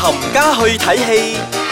冚家去睇戲。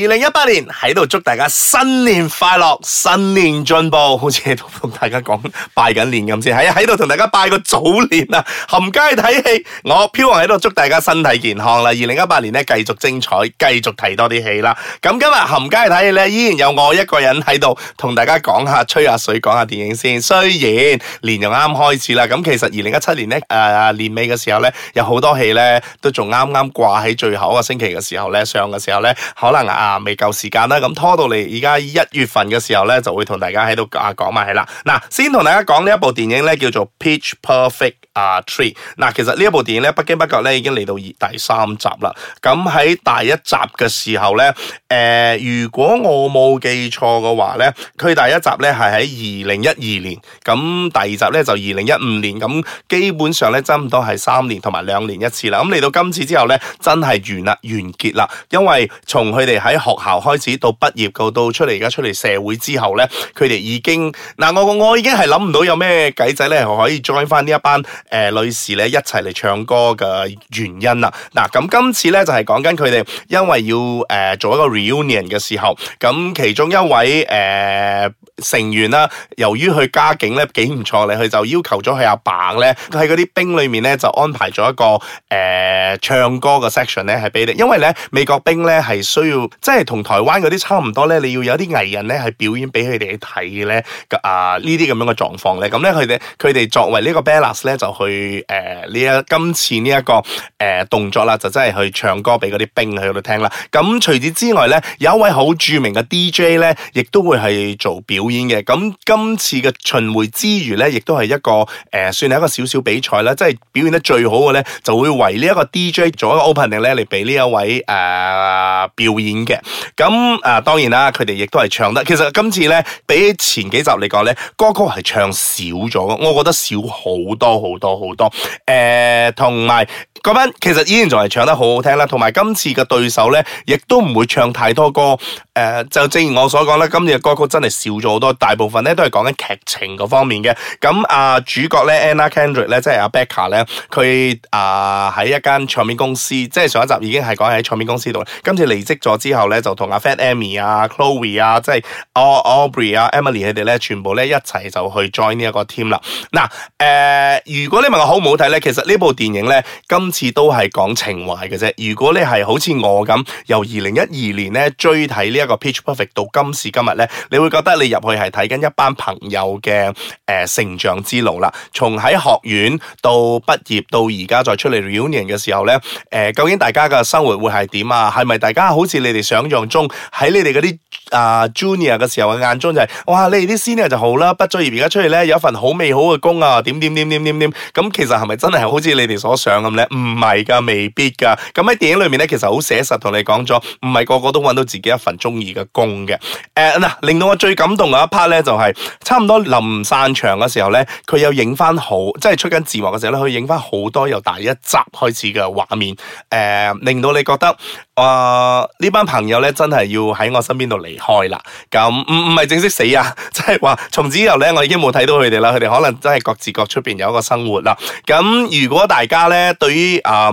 二零一八年喺度祝大家新年快樂，新年進步，好似同大家講拜緊年咁先，喺喺度同大家拜個早年啦。冚家睇戲，我飄王喺度祝大家身體健康啦。二零一八年呢，繼續精彩，繼續睇多啲戲啦。咁今日冚家睇戲呢，依然有我一個人喺度同大家講下吹下水，講下電影先。雖然年又啱開始啦，咁其實二零一七年呢，誒、呃，年尾嘅時候呢，有好多戲呢都仲啱啱掛喺最後一個星期嘅時候呢，上嘅時候呢，可能啊。啊，未夠時間啦，咁拖到嚟而家一月份嘅時候咧，就會同大家喺度啊講埋係啦。嗱，先同大家講呢一部電影咧，叫做《Pitch Perfect、uh, Three》啊 Three。嗱，其實呢一部電影咧，不經不覺咧已經嚟到第三集啦。咁喺第一集嘅時候咧，誒、呃，如果我冇記錯嘅話咧，佢第一集咧係喺二零一二年，咁第二集咧就二零一五年，咁基本上咧，差唔多係三年同埋兩年一次啦。咁嚟到今次之後咧，真係完啦，完結啦，因為從佢哋喺學校開始到畢業，到到出嚟而家出嚟社會之後呢，佢哋已經嗱，我我我已經係諗唔到有咩計仔呢，可以 join 翻呢一班誒、呃、女士呢一齊嚟唱歌嘅原因啦。嗱、呃，咁今次呢就係講緊佢哋因為要誒、呃、做一個 reunion 嘅時候，咁、呃、其中一位誒。呃成員啦，由於佢家境咧幾唔錯咧，佢就要求咗佢阿爸咧喺嗰啲兵裏面咧就安排咗一個誒、呃、唱歌嘅 section 咧係俾你。因為咧美國兵咧係需要即係同台灣嗰啲差唔多咧，你要有啲藝人咧係表演俾佢哋睇咧啊呢啲咁樣嘅狀況咧，咁咧佢哋佢哋作為呢個 Bellas 咧就去誒呢一今次呢、這、一個誒、呃、動作啦，就真係去唱歌俾嗰啲兵去度聽啦。咁除此之外咧，有一位好著名嘅 DJ 咧，亦都會係做表。表演嘅咁今次嘅巡迴之餘咧，亦都係一個誒、呃，算係一個少少比賽啦。即係表演得最好嘅咧，就會為呢一個 DJ 做一個 opening 咧嚟俾呢一位誒、呃、表演嘅。咁啊、呃、當然啦，佢哋亦都係唱得。其實今次咧，比起前幾集嚟講咧，歌曲係唱少咗嘅。我覺得少好多好多好多。誒、呃，同埋嗰班其實依然仲係唱得好好聽啦。同埋今次嘅對手咧，亦都唔會唱太多歌。誒、呃，就正如我所講啦，今次嘅歌曲真係少咗。好多大部分咧都係講緊劇情嗰方面嘅，咁啊，主角咧 Anna Kendrick 咧即係阿、啊、Beca 咧，佢啊喺一間唱片公司，即係上一集已經係講喺唱片公司度。今次離職咗之後咧，就同阿 Fat Amy 啊、Chloe 啊、即係 Aubrey 啊、Emily 佢哋咧，全部咧一齊就去 join 呢一個 team 啦。嗱，誒、呃，如果你問我好唔好睇咧，其實呢部電影咧，今次都係講情懷嘅啫。如果你係好似我咁，由二零一二年咧追睇呢一個 Pitch Perfect 到今時今日咧，你會覺得你入。佢係睇緊一班朋友嘅誒成長之路啦，從喺學院到畢業到而家再出嚟 junior 嘅時候咧，誒究竟大家嘅生活會係點啊？係咪大家好似你哋想象中喺你哋嗰啲啊 junior 嘅時候嘅眼中就係哇，你哋啲 senior 就好啦，畢咗業而家出嚟咧有一份好美好嘅工啊，點點點點點點，咁其實係咪真係好似你哋所想咁咧？唔係噶，未必噶。咁喺電影裏面咧，其實好寫實同你講咗，唔係個個都揾到自己一份鍾意嘅工嘅。誒嗱，令到我最感動啊！有一 part 咧就係、是、差唔多臨散場嘅時候咧，佢有影翻好，即係出緊字幕嘅時候咧，佢影翻好多由第一集開始嘅畫面，誒、呃、令到你覺得，誒、呃、呢班朋友咧真係要喺我身邊度離開啦。咁唔唔係正式死啊，即係話從此之後咧，我已經冇睇到佢哋啦。佢哋可能真係各自各出邊有一個生活啦。咁如果大家咧對於誒，呃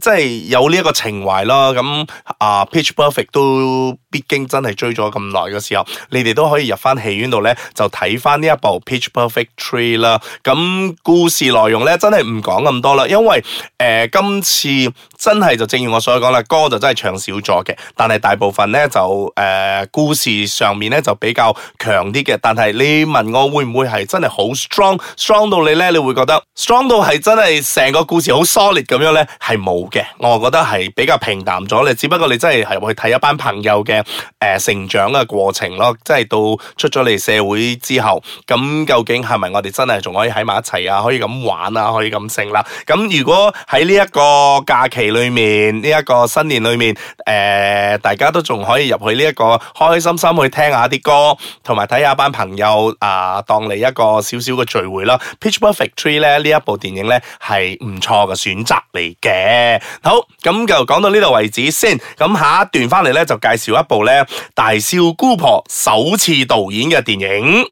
即係有呢一個情懷啦，咁啊《Pitch Perfect》都必經真係追咗咁耐嘅時候，你哋都可以入翻戲院度咧，就睇翻呢一部《Pitch Perfect Three》啦。咁故事內容咧真係唔講咁多啦，因為誒、呃、今次真係就正如我所講啦，歌就真係唱少咗嘅，但係大部分咧就誒、呃、故事上面咧就比較強啲嘅。但係你問我會唔會係真係好 strong strong 到你咧？你會覺得 strong 到係真係成個故事好 solid 咁樣咧？係冇。嘅，我覺得係比較平淡咗。你只不過你真係係去睇一班朋友嘅誒、呃、成長嘅過程咯。即係到出咗嚟社會之後，咁究竟係咪我哋真係仲可以喺埋一齊啊？可以咁玩啊？可以咁剩啦？咁如果喺呢一個假期裏面，呢、這、一個新年裏面，誒、呃，大家都仲可以入去呢一個開開心心去聽一下啲歌，同埋睇下班朋友啊、呃，當你一個少少嘅聚會啦。《Pitch Perfect Three》咧，呢一部電影咧係唔錯嘅選擇嚟嘅。好，咁就講到呢度為止先。咁下一段翻嚟呢，就介紹一部呢大少姑婆首次導演嘅電影。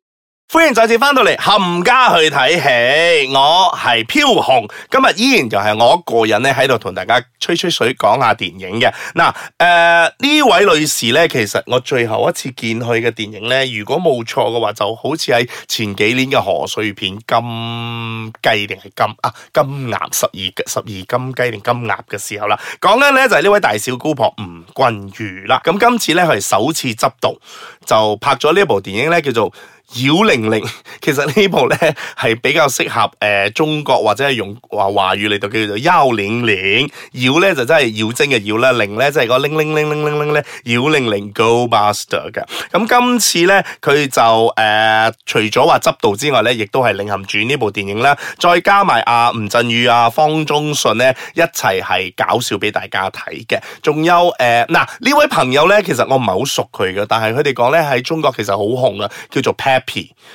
歡迎再次翻到嚟，冚家去睇戲，我係飄紅。今日依然就係我一個人咧，喺度同大家吹吹水，講下電影嘅。嗱、呃，誒呢位女士咧，其實我最後一次見佢嘅電影咧，如果冇錯嘅話，就好似喺前幾年嘅賀歲片《金雞》定係金啊《金鴨》十二十二金雞定金鴨嘅時候啦。講緊咧就係呢位大小姑婆吳君如啦。咁今次咧係首次執導，就拍咗呢一部電影咧，叫做。妖鈴鈴，其實部呢部咧係比較適合誒、呃、中國或者係用話華語嚟到叫做《妖鈴鈴》，妖咧就真係妖精嘅妖啦，鈴咧就係個鈴鈴鈴鈴鈴鈴咧，妖鈴鈴 Go Buster 嘅。咁、就是那個嗯、今次咧佢就誒、呃、除咗話執導之外咧，亦都係領銜主演呢部電影啦，再加埋阿、啊、吳鎮宇、阿、啊、方中信咧一齊係搞笑俾大家睇嘅。仲有誒嗱呢位朋友咧，其實我唔係好熟佢嘅，但係佢哋講咧喺中國其實好紅啊，叫做 p a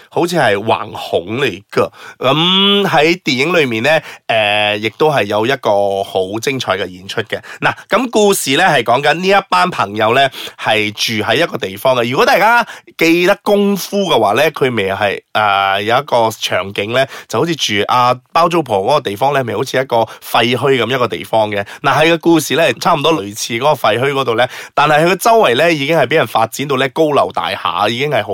好似係橫恐嚟噶，咁、嗯、喺電影裏面咧，誒、呃，亦都係有一個好精彩嘅演出嘅。嗱，咁故事咧係講緊呢一班朋友咧係住喺一個地方嘅。如果大家記得功夫嘅話咧，佢咪係誒有一個場景咧，就好似住阿、啊、包租婆嗰個地方咧，咪好似一個廢墟咁一個地方嘅。嗱，喺個故事咧，差唔多類似嗰個廢墟嗰度咧，但係佢個周圍咧已經係俾人發展到咧高樓大廈，已經係好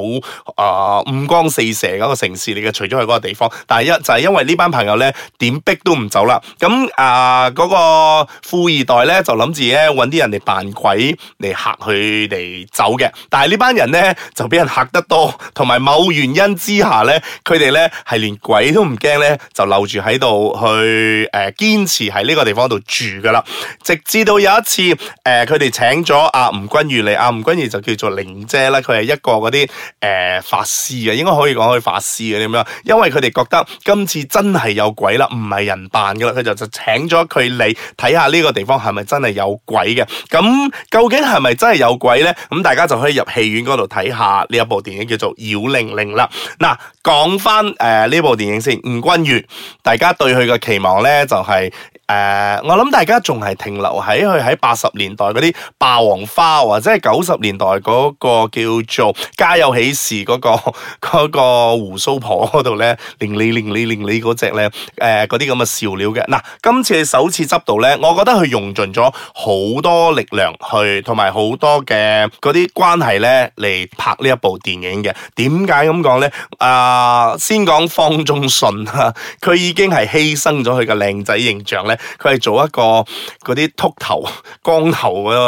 啊。呃五光四射嗰個城市嚟嘅，除咗去個地方，但係一就係、是、因為呢班朋友咧，點逼都唔走啦。咁啊，嗰個富二代咧就諗住咧，揾啲人嚟扮鬼嚟嚇佢哋走嘅。但係呢班人咧就俾人嚇得多，同埋某原因之下咧，佢哋咧係連鬼都唔驚咧，就留住喺度去誒堅、呃、持喺呢個地方度住噶啦。直至到有一次，誒佢哋請咗阿吳君如嚟，阿吳君如就叫做鈴姐啦，佢係一個嗰啲誒法師。試嘅，應該可以講去法師嘅咁樣，因為佢哋覺得今次真係有鬼啦，唔係人扮噶啦，佢就就請咗佢嚟睇下呢個地方係咪真係有鬼嘅。咁究竟係咪真係有鬼呢？咁大家就可以入戲院嗰度睇下呢一部電影叫做《妖鈴鈴》啦。嗱，講翻誒呢部電影先，吳君如，大家對佢嘅期望呢，就係、是。誒，我諗大家仲係停留喺佢喺八十年代嗰啲霸王花，或者係九十年代嗰個叫做家有喜事嗰個嗰個鬍鬚婆嗰度咧，令你令你令你嗰隻咧，誒嗰啲咁嘅笑料嘅。嗱，今次佢首次執導咧，我覺得佢用盡咗好多力量去，同埋好多嘅嗰啲關係咧嚟拍呢一部電影嘅。點解咁講咧？啊，先講方中信啊，佢已經係犧牲咗佢嘅靚仔形象咧。佢係做一個嗰啲禿頭光頭個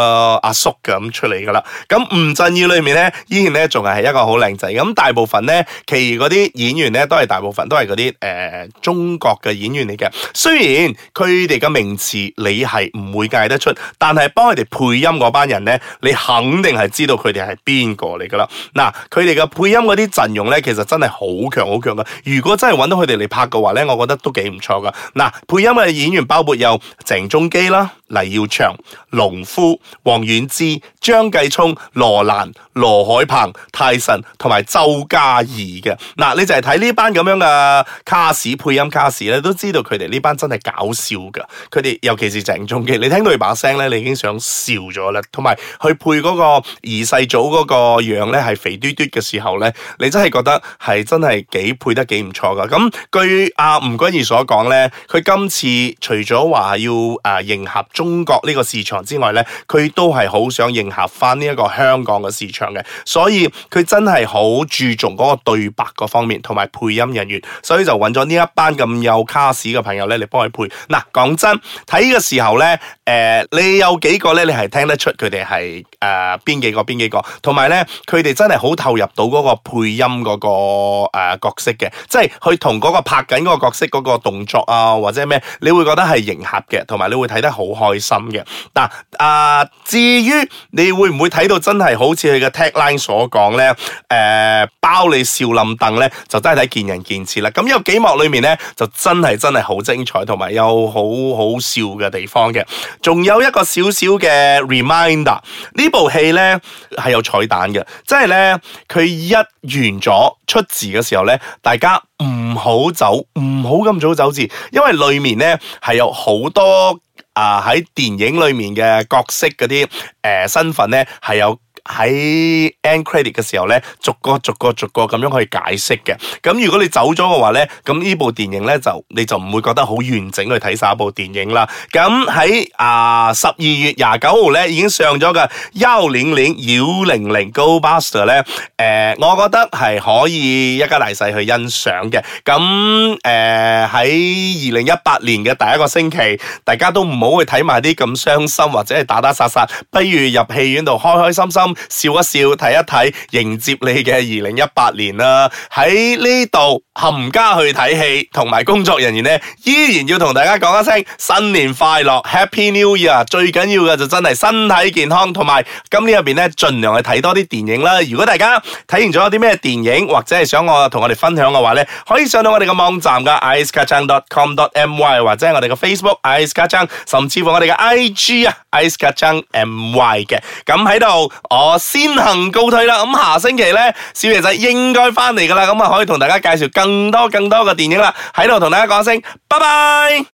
阿、啊、叔咁出嚟噶啦，咁吳鎮宇裏面咧依然咧仲係一個好靚仔，咁大部分咧其餘嗰啲演員咧都係大部分都係嗰啲誒中國嘅演員嚟嘅。雖然佢哋嘅名詞你係唔會介得出，但係幫佢哋配音嗰班人咧，你肯定係知道佢哋係邊個嚟噶啦。嗱，佢哋嘅配音嗰啲陣容咧，其實真係好強好強噶。如果真係揾到佢哋嚟拍嘅話咧，我覺得都幾唔錯噶。嗱，配音嘅演員包包括有鄭中基啦。黎耀祥、龍夫、王遠之、張繼聰、羅蘭、羅海鵬、泰神同埋周嘉怡嘅，嗱，你就係睇呢班咁樣嘅卡 a 配音卡 a 咧，都知道佢哋呢班真係搞笑噶。佢哋尤其是鄭中基，你聽到佢把聲咧，你已經想笑咗啦。同埋佢配嗰個二世祖嗰個樣咧，係肥嘟嘟嘅時候咧，你真係覺得係真係幾配得幾唔錯噶。咁據阿吳君如所講咧，佢今次除咗話要誒、啊、迎合，中國呢個市場之外咧，佢都係好想迎合翻呢一個香港嘅市場嘅，所以佢真係好注重嗰個對白嗰方面同埋配音人員，所以就揾咗呢一班咁有卡士嘅朋友咧嚟幫佢配。嗱、啊，講真睇嘅時候咧，誒、呃、你有幾個咧？你係聽得出佢哋係誒邊幾個邊幾個？同埋咧，佢哋真係好投入到嗰個配音嗰、嗰個誒、呃、角色嘅，即係去同嗰個拍緊嗰個角色嗰個動作啊或者咩，你會覺得係迎合嘅，同埋你會睇得好開心嘅嗱，啊、呃，至於你會唔會睇到真係好似佢嘅 tagline 所講咧？誒、呃，包你笑冧凳咧，就真係睇見仁見智啦。咁有幾幕裏面咧，就真係真係好精彩，同埋有好好笑嘅地方嘅。仲有一個小小嘅 reminder，這部戲呢部戲咧係有彩蛋嘅，即係咧佢一完咗出字嘅時候咧，大家唔好走，唔好咁早走字，因為裏面咧係有好多。啊，喺電影裏面嘅角色嗰啲，誒，身份咧，係有。喺 end credit 嘅時候咧，逐個逐個逐個咁樣去解釋嘅。咁如果你走咗嘅話咧，咁呢部電影咧就你就唔會覺得好完整去睇晒一部電影啦。咁喺啊十二月廿九號咧已經上咗嘅《幽靈靈妖鈴鈴》Goldbuster 咧，誒、呃、我覺得係可以一家大細去欣賞嘅。咁誒喺二零一八年嘅第一個星期，大家都唔好去睇埋啲咁傷心或者係打打殺殺，不如入戲院度開開心心。笑一笑，睇一睇，迎接你嘅二零一八年啦、啊！喺呢度冚家去睇戲，同埋工作人員呢，依然要同大家講一聲新年快樂，Happy New Year！最緊要嘅就真係身體健康，同埋今年入邊呢，盡量去睇多啲電影啦！如果大家睇完咗啲咩電影或者係想我同我哋分享嘅話呢，可以上到我哋嘅網站嘅 icekacang.com.my 或者係我哋嘅 Facebook icekacang 甚至乎我哋嘅 IG 啊 icekacangmy 嘅咁喺度我。我先行告退啦，咁下星期咧，小爺仔應該返嚟噶啦，咁啊可以同大家介紹更多更多嘅電影啦，喺度同大家講聲拜拜。